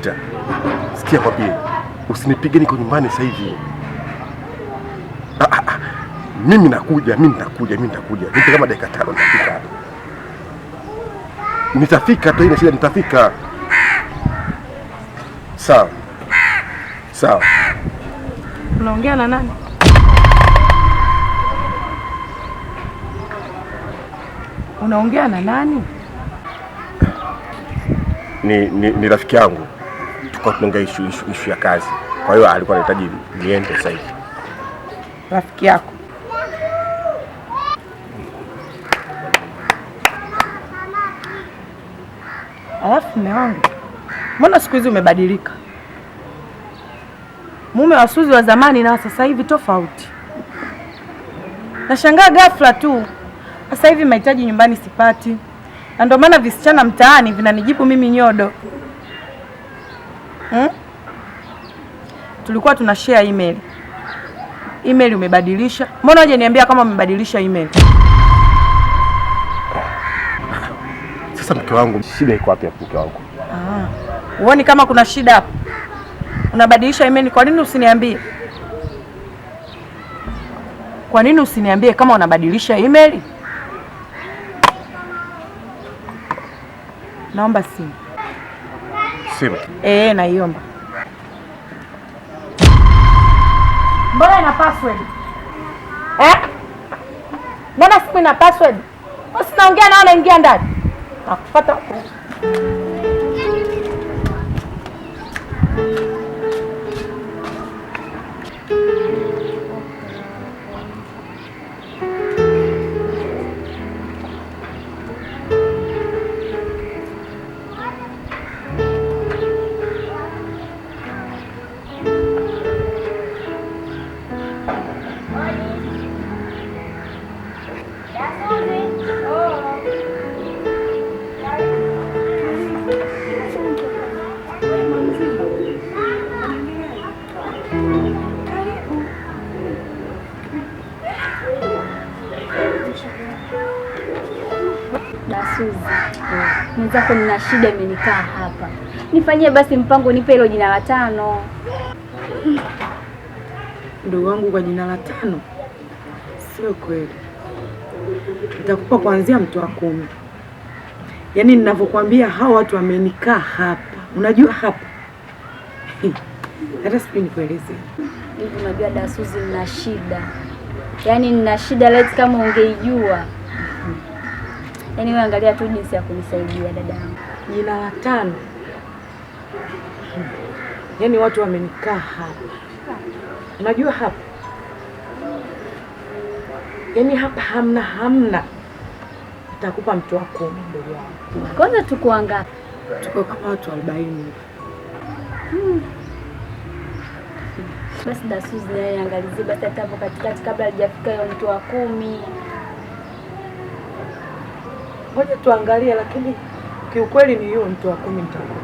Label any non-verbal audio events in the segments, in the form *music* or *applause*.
vita. Sikia kwambie, usinipige, niko nyumbani sasa hivi. Ah, ah, ah. Mimi nakuja, mimi nakuja, mimi nakuja, Nipe kama dakika tano nitafika Nitafika tu, ile shida nitafika. Sawa. Sawa. Unaongea na nani? Unaongea na nani? Ni ni, ni rafiki yangu tukawa tunaongea ishu, ishu, ishu ya kazi. Kwa hiyo alikuwa anahitaji niende sasa hivi. Rafiki yako alafu mume wangu, mbona siku hizi umebadilika? Mume wa Suzi wa zamani na sasa hivi tofauti. Nashangaa ghafla tu sasa hivi mahitaji nyumbani sipati, na ndio maana visichana mtaani vinanijibu mimi nyodo hmm? Tulikuwa tuna share email. Email umebadilisha. Mbona waje niambia kama umebadilisha email? Sasa mke wangu, shida iko wapi hapo mke wangu? Ah. Uone kama kuna shida hapo. Unabadilisha email, kwa nini usiniambie? Kwa nini usiniambie kama unabadilisha email? Naomba simu simu? Eh, eh, naiomba. Mbona ina password? Eh? Mbona simu ina password? Usinaongea nao naingia ndani. Nakupata. mwenzako, nina shida imenikaa hapa, nifanyie basi mpango, nipe hilo jina la tano. Ndugu wangu, kwa jina la tano? Sio kweli, nitakupa kuanzia mtu wa kumi. Yaani ninavyokuambia hao watu wamenikaa hapa, unajua hapa *laughs* hata sijui nikueleze hivi. Unajua dasuzi, nina shida, yaani nina shida leti, kama ungeijua Yaani wewe angalia tu jinsi ya kunisaidia yangu. Jina la tano. Yaani watu wamenikaa hapa. Unajua hapa yaani hapa hamna hamna, nitakupa mtu wako mdogo wangu. Kwanza tuko wangapi? Tuko kama watu arobaini. Hmm. Basi dasuzi naye angalizie basi, hata hapo katikati kabla hajafika hiyo mtu wa kumi Ngoja tuangalie, lakini kiukweli ni hiyo mtu wa kumi mtakuwa.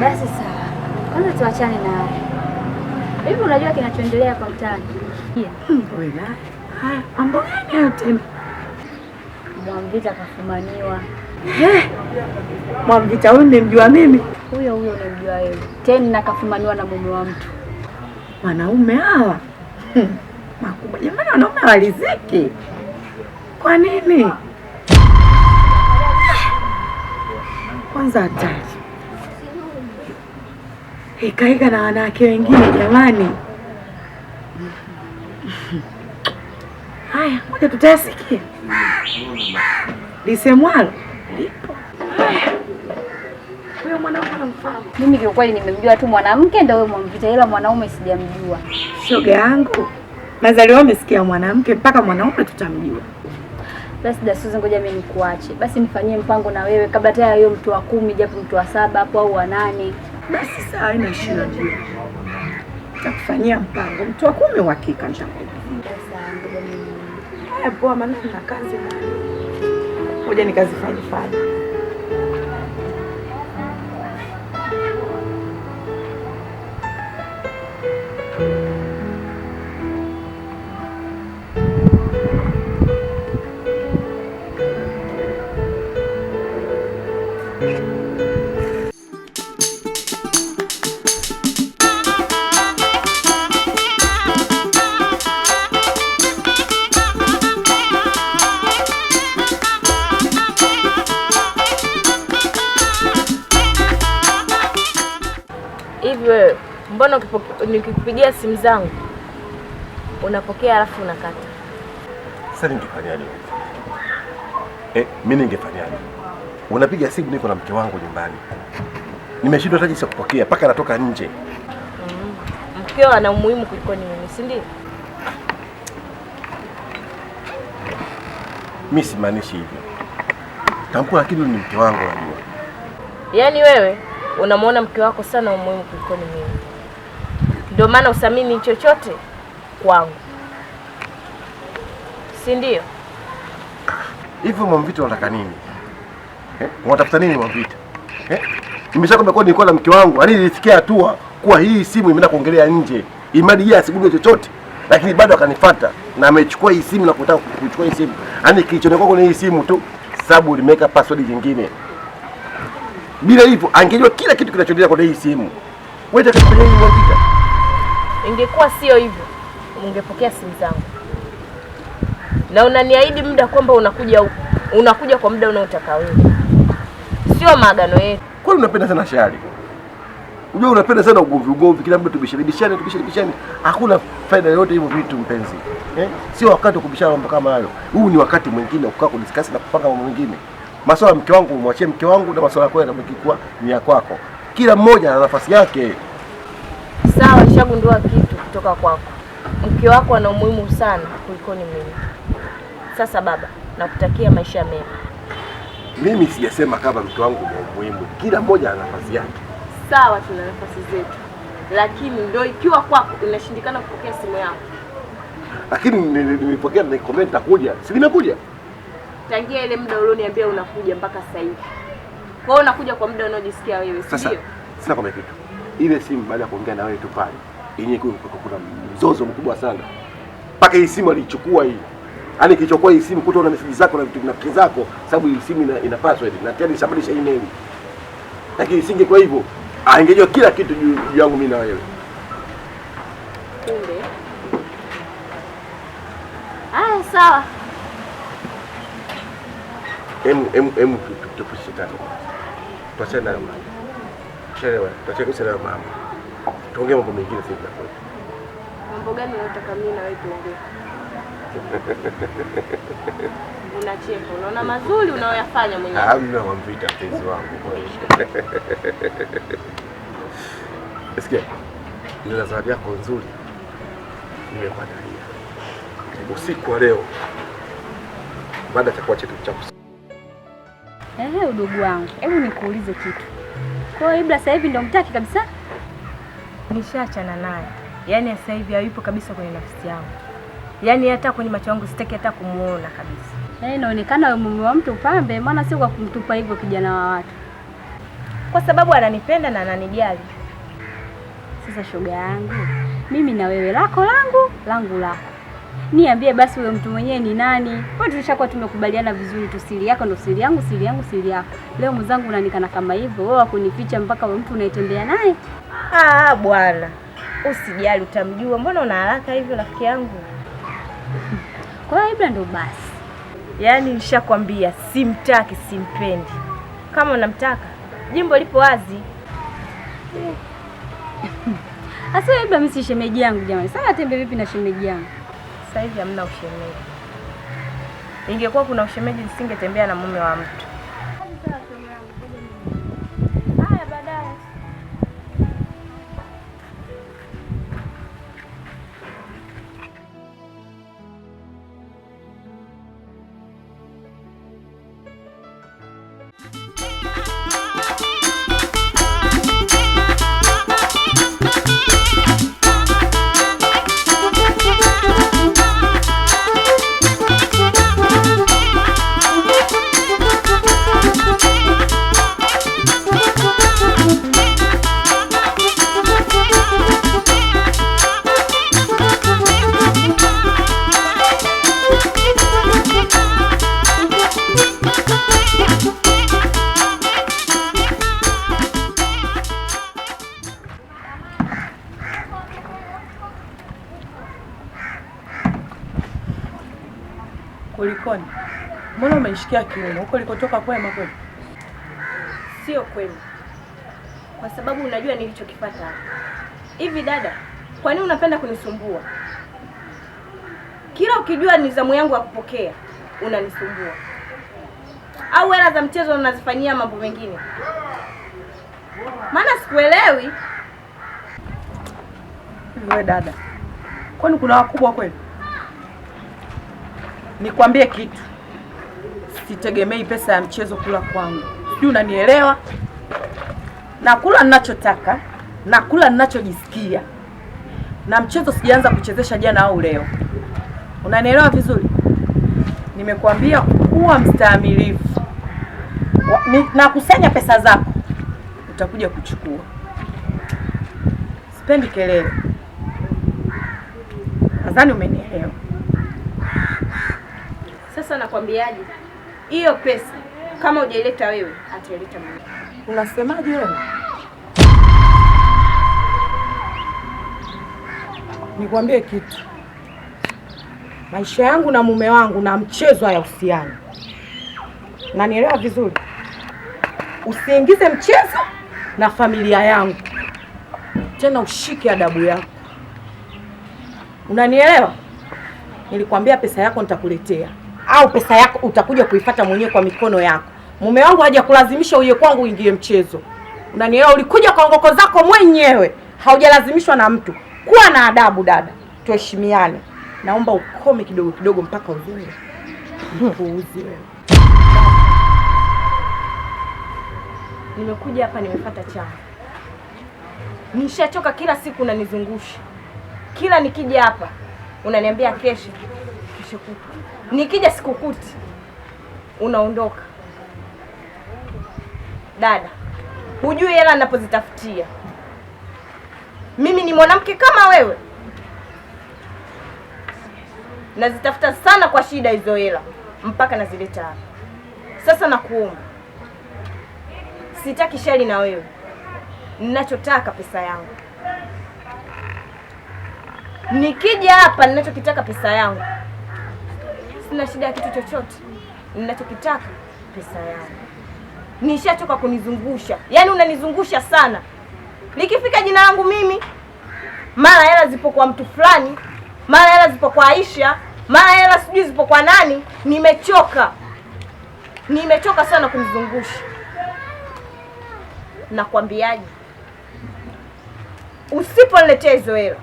Basi sawa, kwanza tuachane na hivi. Unajua kinachoendelea kwa mtaani mambo gani tena? Mwamvita kafumaniwa. Mwamvita huyu nimjua mimi, huyo huyo nimjua wewe, tena kafumaniwa na mume wa mtu. Wanaume hawa *laughs* makubwa. Jamani, wanaume waliziki kwa nini? Kwanza hatari ikaika na wanawake wengine jamani. Haya, moja tutayasikia lisemwalo lipo. Huyo mwanamke namfahamu mimi, kiukweli nimemjua tu mwanamke ndio huyo Mwamvita, ila mwanaume sijamjua. Shoga yangu Mazaliwa umesikia mwanamke mpaka mwanaume tutamjua. Basi Dasuzi, ngoja mimi nikuache basi, nifanyie mpango na wewe kabla tena hiyo mtu wa kumi, japo mtu wa saba hapo au wa nane. Basi sawa, ina shida, nitakufanyia mpango. Mtu wa kumi uhakika nitakupa. Haya, poa, maana na kazi, ngoja nikazifanye fanye Hivi mbona nikikupigia simu zangu unapokea alafu unakata? Sasa ningefanyaje? Eh, mimi ningefanyaje? Unapiga simu, niko na mke wangu nyumbani, nimeshindwa hata jinsi kupokea, mpaka anatoka nje. Mm, Mkeo ana umuhimu kuliko ni mimi, si ndio? Mimi simaanishi hivyo, tambua, lakini ni mke wangu, najua. Yaani wewe unamwona mke wako sana umuhimu kuliko ni mimi, ndio maana usamini chochote kwangu, si ndio? Hivyo Mwamvito, unataka nini? Eh? Unatafuta nini Mwavita? Eh? Nimeshakwambia kwa nilikuwa na mke wangu, yaani nilisikia hatua kuwa hii simu imeenda kuongelea nje. Imadi yeye asigundue chochote, lakini bado akanifuata na amechukua hii simu na kutaka kuchukua hii simu. Yaani kilichonekwa kwenye hii simu tu sababu limeweka password nyingine. Bila hivyo angejua kila kitu kinachoendelea kwenye hii simu. Wewe utakifanya nini Mwavita? Ingekuwa sio hivyo, ungepokea simu zangu. Na unaniahidi muda kwamba unakuja unakuja kwa muda unaotaka wewe sio maagano yetu. Kwani unapenda sana shari? Unajua unapenda sana ugomvi ugomvi, kila mtu tubishirikishane tubishirikishane, hakuna faida yoyote hivyo vitu mpenzi. Eh? Sio wakati wa kubishana mambo kama hayo. Huu ni wakati mwingine wa kukaa kudiscuss na kupanga mambo mengine. Masuala ya mke wangu umwachie mke wangu na masuala yako yanabaki kuwa ni ya kwako. Kila mmoja ana nafasi yake. Sawa, nishagundua kitu kutoka kwako. Mke wako ana umuhimu sana kuliko ni mimi. Sasa baba, nakutakia maisha mema. Mimi sijasema kama mke wangu ni muhimu, kila mmoja ana nafasi yake. Sawa, tuna nafasi zetu, lakini ndio ikiwa kwako inashindikana kupokea simu yako. Lakini nimepokea ni comment takuja, si nimekuja tangia ile muda ulioniambia unakuja mpaka sasa hivi. Kwa hiyo unakuja kwa muda unaojisikia wewe, si ndio? Sina kwa kitu ile simu baada ya kuongea na wewe tu pale yenyewe, kuna mzozo mkubwa sana mpaka hii simu alichukua hii Yaani kilichokuwa hii simu kutoona message zako na vitu na vinafiki zako sababu hii simu ina, ina password na tena ishabadilisha email. Lakini singe kwa hivyo, angejua kila kitu juu yangu mimi na wewe. Kumbe. Ah, sawa. Em em em tupishe tupushitane. Tuache na mama. Chelewa, tuachane na mama. Tuongee mambo mengine sasa. Mambo gani unataka mimi na wewe tuongee? Unacheka, unaona mazuri unayoyafanya mwenyewe. Hamna wamvita mpenzi wangu. Sikia, nina zawadi yako nzuri nimekuandalia usiku wa leo baada ya chakula chetu cha Eh, udugu wangu, hebu nikuulize kitu. Kwa hiyo Ibra sasa hivi ndio mtaki kabisa? Nishaachana naye, yaani sasa hivi hayupo kabisa kwenye nafsi yangu. Yaani hata kwenye macho yangu sitaki hata kumuona kabisa. Hey, inaonekana wewe mume wa mtu pambe, maana sio kwa kumtupa hivyo kijana wa watu, kwa sababu ananipenda na ananijali. Sasa shoga yangu, mimi na wewe, lako langu, langu lako. Niambie basi, huyo mtu mwenyewe ni nani? Kwa tulishakuwa tumekubaliana vizuri tu, siri yako ndo siri yangu, siri yangu siri yako. Leo mwenzangu unanikana kama hivyo, wewe wakunificha mpaka wewe mtu unaitembea naye. Ah bwana, usijali, utamjua. Mbona una haraka hivyo rafiki yangu? Kwa hiyo Ibra ndo basi, yaani nishakwambia simtaki, simpendi. Kama unamtaka jimbo lipo wazi. *laughs* Asa Ibra mimi si shemeji yangu jamani, sana tembe vipi na shemeji yangu? Sasa hivi hamna ushemeji, ingekuwa kuna ushemeji nisingetembea na mume wa mtu. kutia kiuno huko likotoka kwema kweli? Sio kweli, kwa sababu unajua nilichokipata. Hivi dada, kwa nini unapenda kunisumbua? Kila ukijua ni zamu yangu ya kupokea unanisumbua, au hela za mchezo unazifanyia mambo mengine? Maana sikuelewi wewe dada, kwani kuna wakubwa kweli? Nikwambie kitu sitegemei pesa ya mchezo kula kwangu, sijui unanielewa. Nakula ninachotaka, nakula ninachojisikia, na mchezo sijaanza kuchezesha jana au leo, unanielewa vizuri. Nimekuambia kuwa mstaamilifu, nakusanya pesa zako, utakuja kuchukua. Sipendi kelele, nadhani umenielewa. Sasa nakwambiaje? hiyo pesa kama hujaileta wewe, ataileta mimi. Unasemaje wewe? Nikwambie kitu, maisha yangu na mume wangu na mchezo hayahusiani, na nielewa vizuri, usiingize mchezo na familia yangu tena, ushike adabu yako, unanielewa? Nilikwambia pesa yako nitakuletea au pesa yako utakuja kuipata mwenyewe kwa mikono yako. Mume wangu hajakulazimisha uje kwangu uingie mchezo, unanielewa? Ulikuja kwa ngoko zako mwenyewe, haujalazimishwa na mtu. Kuwa na adabu dada, tuheshimiane. Naomba ukome kidogo kidogo mpaka uzue mpuuzi wewe. Nimekuja hapa nimefuata chama, nishachoka. Kila siku unanizungusha, kila nikija hapa unaniambia kesho kukupa. Nikija sikukuti unaondoka. Dada, hujui hela ninapozitafutia. Mimi ni mwanamke kama wewe, nazitafuta sana kwa shida hizo hela mpaka nazileta hapa. Sasa nakuomba, sitaki shari na wewe, ninachotaka pesa yangu. Nikija hapa ninachokitaka pesa yangu sina shida ya kitu chochote. Ninachokitaka pesa yangu. Nishachoka kunizungusha, yaani unanizungusha sana. Likifika jina langu mimi, mara hela zipo kwa mtu fulani, mara hela zipo kwa Aisha, mara hela sijui zipo kwa nani. Nimechoka, nimechoka sana kunizungusha. Nakwambiaje, usiponiletea hizo hela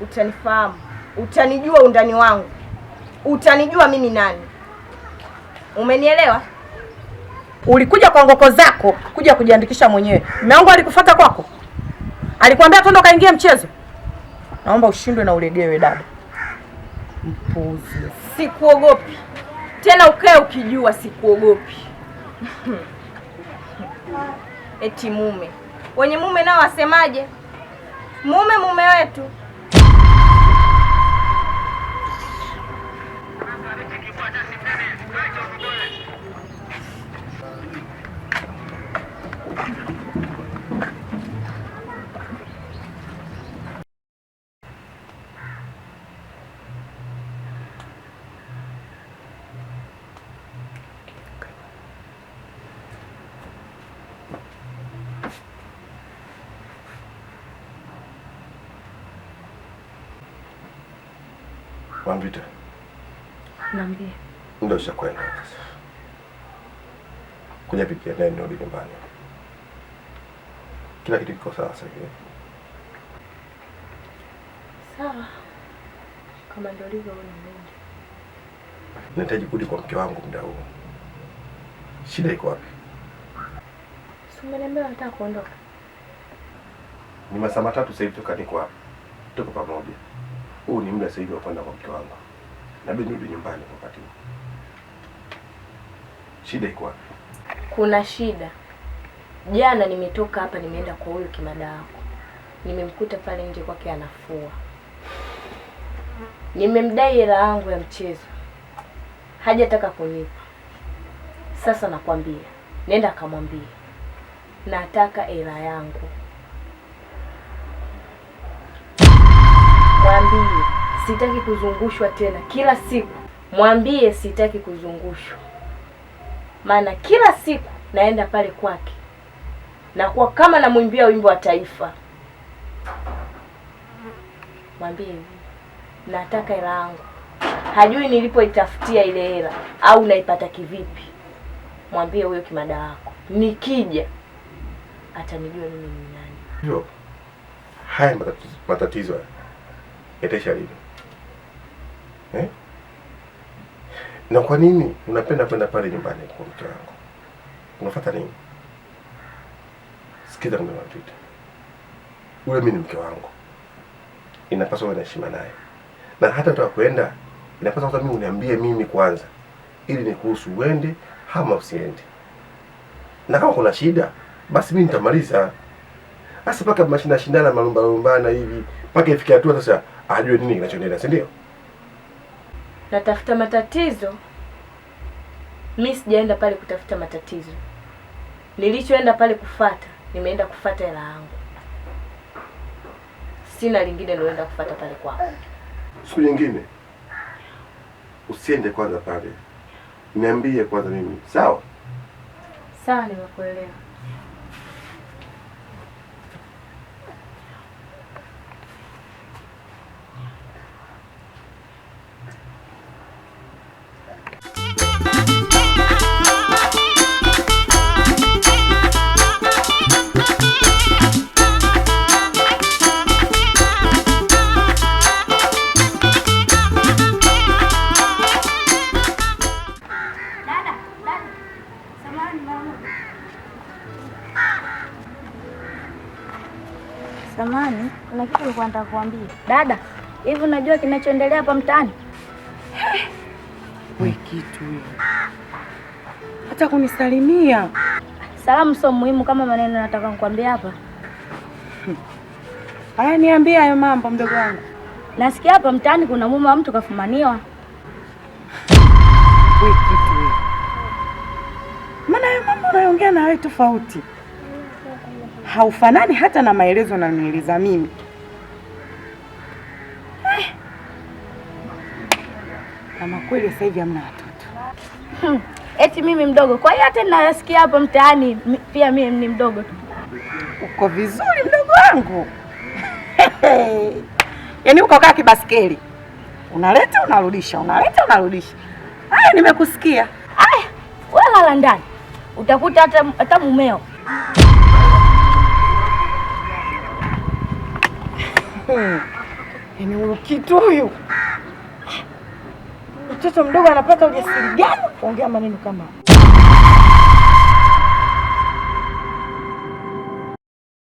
utanifahamu, utanijua undani wangu utanijua mimi nani. Umenielewa? Ulikuja kwa ngoko zako kuja kujiandikisha mwenyewe. Mume wangu alikufuata kwako, alikwambia twende kaingie mchezo. Naomba ushindwe na ulegewe, dada mpuzi. Sikuogopi tena, ukae ukijua sikuogopi. *laughs* Eti mume wenye mume nao wasemaje? Mume mume wetu Mambita, naambia ndio shakwenda sasa, kuja pikia naye nirudi nyumbani, kila kitu kiko sawa sasa hivi. Sawa kama ndio ulivyo wewe. Mungu, nahitaji kurudi kwa mke wangu muda huu. Shida iko wapi? Umeniambia nataka kuondoka. Ni masaa matatu sasa hivi toka niko hapa, tuko pamoja huu ni muda sahihi wa kwenda kwa mke wangu, nabidi nirudi nyumbani kwa wakati huu. Shida iko wapi? Kuna shida. Jana nimetoka hapa, nimeenda kwa huyu kimada wako, nimemkuta pale nje kwake anafua. Nimemdai hela yangu ya mchezo, hajataka kunipa. Sasa nakwambia, nenda akamwambia nataka hela yangu. mwambie sitaki kuzungushwa tena kila siku. Mwambie sitaki kuzungushwa, maana kila siku naenda pale kwake nakuwa kama namwimbia wimbo wa taifa. Mwambie nataka hela yangu. Hajui nilipoitafutia ile hela au naipata kivipi. Mwambie huyo kimada wako, nikija atanijua mimi ni nani. haya matatizo haya yete shairi eh? Na kwa nini unapenda kwenda pale nyumbani kwa mke wangu? Unafuata nini? Sikiza mimi ule mimi ni mke wangu, inapaswa uwe na heshima naye, na hata utakwenda, inapaswa kwanza mimi uniambie mimi kwanza, ili nikuhusu uende ama usiende, na kama kuna shida basi mimi nitamaliza. Sasa paka mashinda shindana malumbana hivi mpaka ifikia hatua sasa ajue nini kinachoendelea, si ndio? Natafuta matatizo? Mi sijaenda pale kutafuta matatizo, nilichoenda pale kufata, nimeenda kufata hela yangu. Sina lingine niloenda kufata pale kwako. Siku nyingine usiende kwanza pale, niambie kwanza mimi, sawa sawa? Nimekuelewa. kuambia. Dada, hivi unajua kinachoendelea hapa mtaani? We kitu Hata kunisalimia. Salamu sio muhimu kama maneno nataka nikwambia hapa. Hmm. Haya, niambia hayo mambo mdogo wangu. Nasikia hapa mtaani kuna mume wa mtu kafumaniwa. We kitu Maana hayo mambo unayoongea na wewe tofauti. Haufanani hata na maelezo unanieleza mimi. kweli sasa hivi hamna watoto hmm. Eti mimi mdogo, kwa hiyo hata ninasikia hapo mtaani pia mimi ni mdogo tu. Uko vizuri mdogo wangu *laughs* yaani uko kaa kibaskeli, unaleta unarudisha, unaleta unarudisha. Haya, nimekusikia. Haya, wewe lala ndani, utakuta hata hata mumeo hmm. yaani huyu kitu huyu mtoto mdogo anapata ujasiri gani kuongea maneno kama